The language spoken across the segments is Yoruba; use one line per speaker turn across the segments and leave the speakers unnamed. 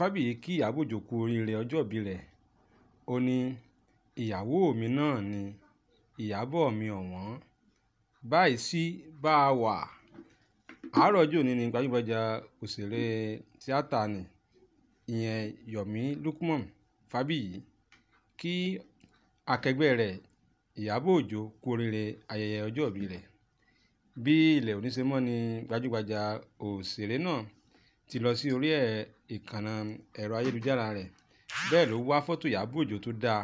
fábíyì kí ìyábọ̀ ọjọ́ kú oríire ọjọ́òbí rẹ̀ ó ní ìyàwó mi náà ni ìyàbọ̀ mi ọ̀wọ́n báyìí sí bá a wà àárọ̀ ọjọ́ òní ni gbajúgbajà òṣèré tíátà ni ìyẹn Yomi Lukman Fábíyì kí akẹgbẹ́ rẹ̀ ìyàbọ̀ ọjọ́ kú oríire ayẹyẹ ọjọ́òbí rẹ̀ bí ilẹ̀ oníṣẹ́mọ́ ni gbajúgbajà òṣèré náà ti lọ sí orí ìkànnà ẹ̀rọ ayélujára rẹ̀ bẹ́ẹ̀ ló wá fọ́tò ìyàbọ̀ ọjọ́ tó dáa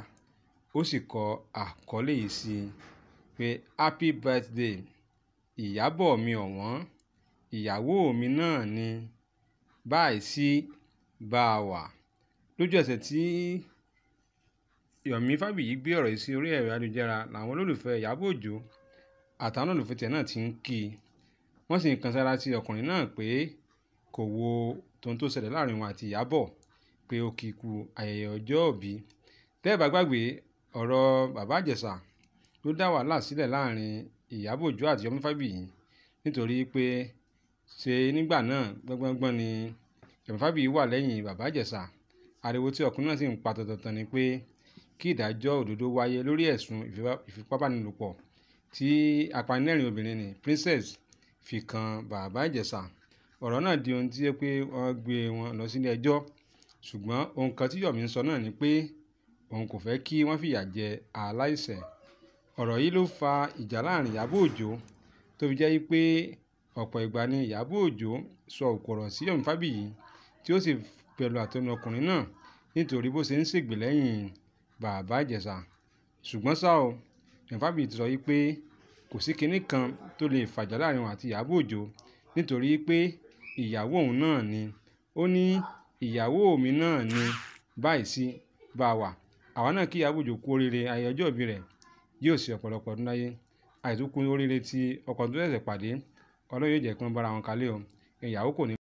ó sì kọ àkọlé yìí sí i pé happy birthday ìyàbọ̀ mi ọ̀wọ́n ìyàwó mi náà ni báyìí sí bá a wà lójú ẹsẹ̀ tí Yomi Fábíyì gbé ọ̀rọ̀ yìí sí orí ẹ̀rọ ayélujára làwọn olólùfẹ́ ìyàbọ̀ ọjọ́ àtàwọn olùfẹ́ tiẹ̀ náà ti ń kí i wọ́n sì ń kan sára sí ọkùnrin náà pé kò wo ohun tó ṣẹlẹ̀ láàrin òun àti Ìyábọ̀ pé ó kì í ku ayẹyẹ ọjọ́ ìbí tẹ́ ẹ bá gbàgbé ọ̀rọ̀ bàbá Ìjẹ̀ṣà ló dá wàhálà sílẹ̀ láàrin Ìyábọ̀ Òjó àti Yọmí Fábíyì nítorí pé ṣe nígbà náà gbọ́ngbọ́ngbọ́n ni Yọmí Fábíyì wà lẹ́yìn bàbá Ìjẹ̀ṣà ariwo tí ọkùnrin náà sì ń pa tọ̀tọ̀tàn ni pé kí ìdájọ́ òdodo wáyé lórí ẹ̀sùn ìfipábánilòpọ̀ tí apanilẹ́rìn obìnrin ni Princess fi kan bàbá Ìjẹ̀ṣà ọ̀rọ̀ náà di ohun tí yẹ pé wọ́n gbé wọn lọ sílé ẹjọ́ ṣùgbọ́n ohun kan tí Yomi ń sọ náà ni pé òun kò fẹ́ kí wọ́n fìyà jẹ aláìṣẹ̀ ọ̀rọ̀ yìí ló fa ìjà láàrin Ìyábọ̀ Òjó tó fi jẹ́ pé ọ̀pọ̀ ìgbà ni Ìyábọ̀ Òjó sọ òkòrọ̀ sí Yomi Fábíyì tí ó sì pẹ̀lú àtọ́nu ọkùnrin náà nítorí bó ṣe ń ṣègbè lẹ́yìn bàbá Ìjẹ̀ṣà ṣùgbọ́n ṣá o Yomi Fábíyì ti sọ pé kò sí kinní kan tó lè fàjà láàrin òun àti Ìyábọ̀ Òjó nítorí pé ìyàwó òun náà ni ó ní ìyàwó mi náà ni báyìí sí bá wà àwa náà kí ìyàwó òjò kú oríire ayẹyẹ ọjọ́ ìbí rẹ̀ yóò ṣe ọ̀pọ̀lọpọ̀ ọdún láyé àìtúkú oríire ti ọkọ tó ṣẹ̀ṣẹ̀ pàdé ọlọ́run yóò bára wọn kalẹ̀ o ìyàwó kò ní